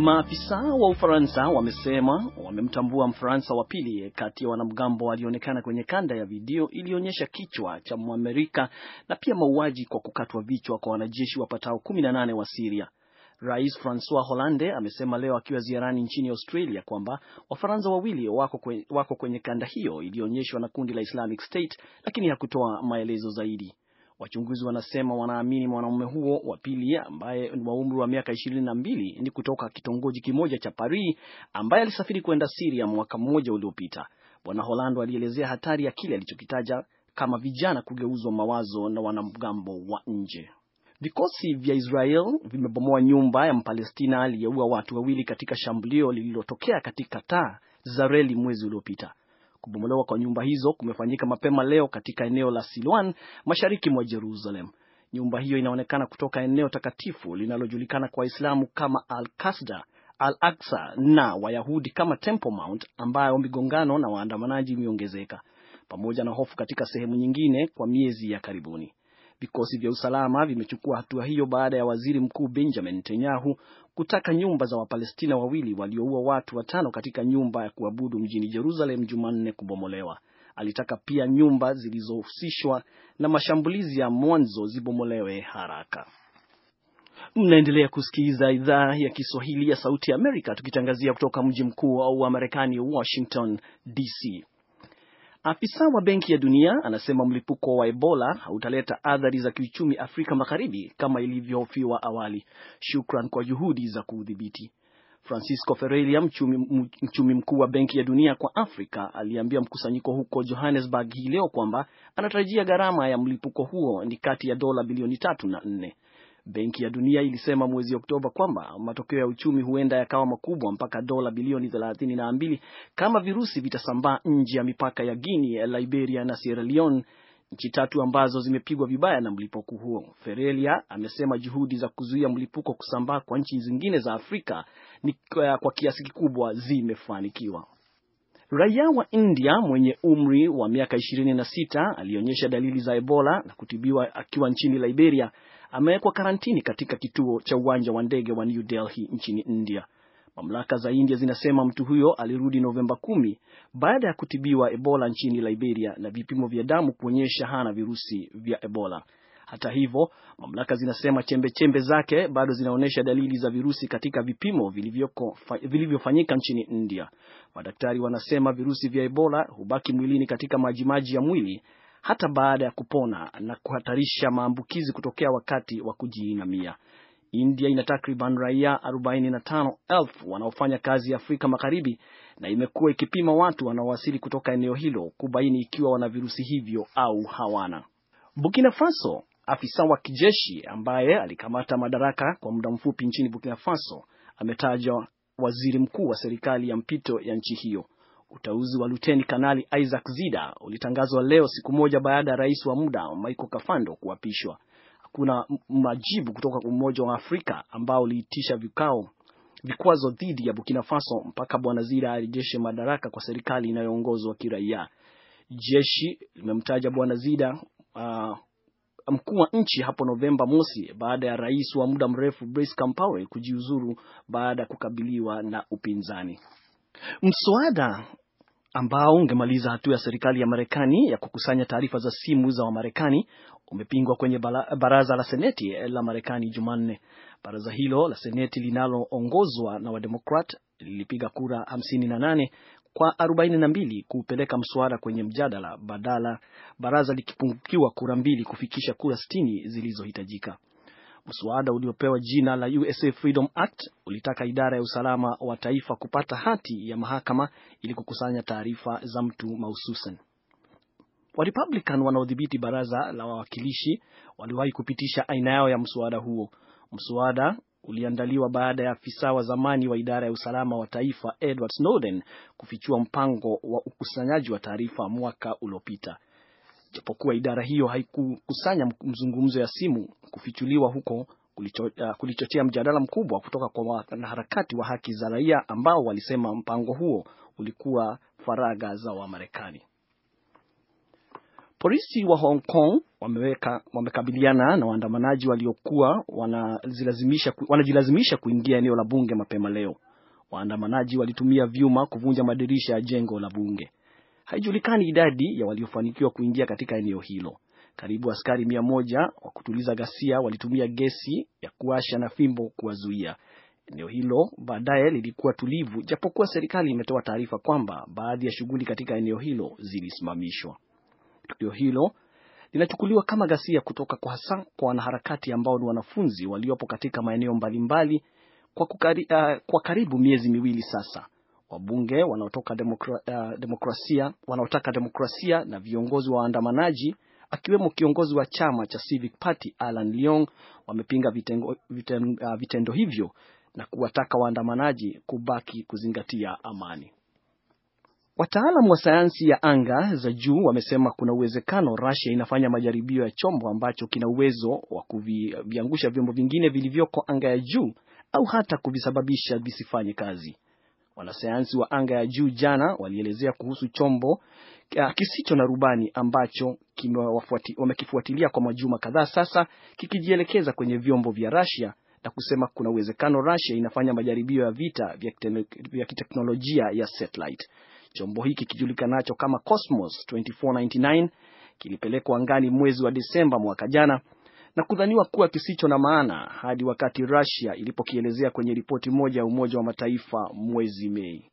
Maafisa wa Ufaransa wamesema wamemtambua Mfaransa wa pili kati ya wanamgambo walioonekana kwenye kanda ya video iliyoonyesha kichwa cha Mwamerika na pia mauaji kwa kukatwa vichwa kwa wanajeshi wapatao 18 wa Siria. Rais Francois Hollande amesema leo akiwa ziarani nchini Australia kwamba Wafaransa wawili wako kwenye, wako kwenye kanda hiyo iliyoonyeshwa na kundi la Islamic State, lakini hakutoa maelezo zaidi. Wachunguzi wanasema wanaamini mwanaume huo wa pili ambaye ni wa umri wa miaka ishirini na mbili ni kutoka kitongoji kimoja cha Paris ambaye alisafiri kwenda Siria mwaka mmoja uliopita. Bwana Holando alielezea hatari ya kile alichokitaja kama vijana kugeuzwa mawazo na wanamgambo wa nje. Vikosi vya Israel vimebomoa nyumba ya Mpalestina aliyeua watu wawili katika shambulio lililotokea katika taa za reli mwezi uliopita. Kubomolewa kwa nyumba hizo kumefanyika mapema leo katika eneo la Silwan mashariki mwa Jerusalem. Nyumba hiyo inaonekana kutoka eneo takatifu linalojulikana kwa Waislamu kama Al-Kasda, Al-Aqsa na Wayahudi kama Temple Mount, ambayo migongano na waandamanaji imeongezeka pamoja na hofu katika sehemu nyingine kwa miezi ya karibuni. Vikosi vya usalama vimechukua hatua hiyo baada ya waziri mkuu Benjamin Netanyahu kutaka nyumba za Wapalestina wawili walioua watu watano katika nyumba ya kuabudu mjini Jerusalem Jumanne kubomolewa. Alitaka pia nyumba zilizohusishwa na mashambulizi ya mwanzo zibomolewe haraka. Mnaendelea kusikiliza idhaa ya Kiswahili ya Sauti ya Amerika, tukitangazia kutoka mji mkuu wa Marekani, Washington DC. Afisa wa Benki ya Dunia anasema mlipuko wa Ebola hautaleta athari za kiuchumi Afrika Magharibi kama ilivyohofiwa awali, shukran kwa juhudi za kuudhibiti. Francisco Ferreira, mchumi, mchumi mkuu wa Benki ya Dunia kwa Afrika, aliambia mkusanyiko huko Johannesburg hii leo kwamba anatarajia gharama ya mlipuko huo ni kati ya dola bilioni tatu na nne. Benki ya Dunia ilisema mwezi Oktoba kwamba matokeo ya uchumi huenda yakawa makubwa mpaka dola bilioni mbili kama virusi vitasambaa nje ya mipaka ya Guinea, Liberia na Sierra Leone, nchi tatu ambazo zimepigwa vibaya na mlipuko huo. Ferelia amesema juhudi za kuzuia mlipuko kusambaa kwa nchi zingine za Afrika ni kwa kiasi kikubwa zimefanikiwa. Raia wa India mwenye umri wa miaka sita alionyesha dalili za Ebola na kutibiwa akiwa nchini Liberia amewekwa karantini katika kituo cha uwanja wa ndege wa New Delhi nchini India. Mamlaka za India zinasema mtu huyo alirudi Novemba kumi baada ya kutibiwa Ebola nchini Liberia na vipimo vya damu kuonyesha hana virusi vya Ebola. Hata hivyo, mamlaka zinasema chembe chembe zake bado zinaonyesha dalili za virusi katika vipimo vilivyofanyika nchini India. Madaktari wanasema virusi vya Ebola hubaki mwilini katika majimaji ya mwili hata baada ya kupona na kuhatarisha maambukizi kutokea wakati wa kujiinamia. India ina takriban raia 45,000 wanaofanya kazi Afrika Magharibi na imekuwa ikipima watu wanaowasili kutoka eneo hilo kubaini ikiwa wana virusi hivyo au hawana. Burkina Faso, afisa wa kijeshi ambaye alikamata madaraka kwa muda mfupi nchini Burkina Faso ametajwa waziri mkuu wa serikali ya mpito ya nchi hiyo. Uteuzi wa Luteni Kanali Isaac Zida ulitangazwa leo, siku moja baada ya rais wa muda Michael Kafando kuapishwa. Hakuna majibu kutoka kwa Umoja wa Afrika ambao uliitisha vikao vikwazo dhidi ya Burkina Faso mpaka Bwana Zida arejeshe madaraka kwa serikali inayoongozwa kiraia. Jeshi limemtaja Bwana Zida uh, mkuu wa nchi hapo Novemba mosi baada ya rais wa muda mrefu Blaise Compaore kujiuzuru baada ya kukabiliwa na upinzani. Mswada ambao ungemaliza hatua ya serikali ya Marekani ya kukusanya taarifa za simu za Wamarekani umepingwa kwenye baraza la seneti eh, la Marekani Jumanne. Baraza hilo la seneti linaloongozwa na Wademokrat lilipiga kura 58 kwa 42 kuupeleka mswada kwenye mjadala badala, baraza likipungukiwa kura mbili kufikisha kura 60 zilizohitajika. Mswada uliopewa jina la USA Freedom Act ulitaka idara ya usalama wa taifa kupata hati ya mahakama ili kukusanya taarifa za mtu mahususan. Warepublican wanaodhibiti baraza la wawakilishi waliwahi kupitisha aina yao ya mswada huo. Mswada uliandaliwa baada ya afisa wa zamani wa idara ya usalama wa taifa Edward Snowden kufichua mpango wa ukusanyaji wa taarifa mwaka uliopita. Japokuwa idara hiyo haikukusanya mzungumzo ya simu, kufichuliwa huko uh, kulichochea mjadala mkubwa kutoka kwa wanaharakati wa haki za raia ambao walisema mpango huo ulikuwa faragha za Wamarekani. Polisi wa Hong Kong wameweka, wamekabiliana na waandamanaji waliokuwa wanajilazimisha wanajilazimisha kuingia eneo la bunge mapema leo. Waandamanaji walitumia vyuma kuvunja madirisha ya jengo la bunge. Haijulikani idadi ya waliofanikiwa kuingia katika eneo hilo. Karibu askari mia moja wa kutuliza ghasia walitumia gesi ya kuasha na fimbo kuwazuia. Eneo hilo baadaye lilikuwa tulivu, japokuwa serikali imetoa taarifa kwamba baadhi ya shughuli katika eneo hilo zilisimamishwa. Tukio hilo linachukuliwa kama ghasia kutoka kwa hasa kwa wanaharakati ambao ni wanafunzi waliopo katika maeneo mbalimbali kwa, kukari, uh, kwa karibu miezi miwili sasa wabunge wanaotoka demokra, uh, demokrasia wanaotaka demokrasia na viongozi wa waandamanaji akiwemo kiongozi wa chama cha Civic Party Alan Leong wamepinga vitengo, viten, uh, vitendo hivyo na kuwataka waandamanaji kubaki kuzingatia amani. wataalam wa sayansi ya anga za juu wamesema kuna uwezekano Russia inafanya majaribio ya chombo ambacho kina uwezo wa kuviangusha vyombo vingine vilivyoko anga ya juu au hata kuvisababisha visifanye kazi. Wanasayansi wa anga ya juu jana walielezea kuhusu chombo eh, kisicho na rubani ambacho wamekifuatilia kwa majuma kadhaa sasa kikijielekeza kwenye vyombo vya Russia na kusema kuna uwezekano Russia inafanya majaribio ya vita vya kiteknolojia ya satellite. Chombo hiki kijulikanacho kama Cosmos 2499 kilipelekwa angani mwezi wa Desemba mwaka jana na kudhaniwa kuwa kisicho na maana hadi wakati Russia ilipokielezea kwenye ripoti moja ya Umoja wa Mataifa mwezi Mei.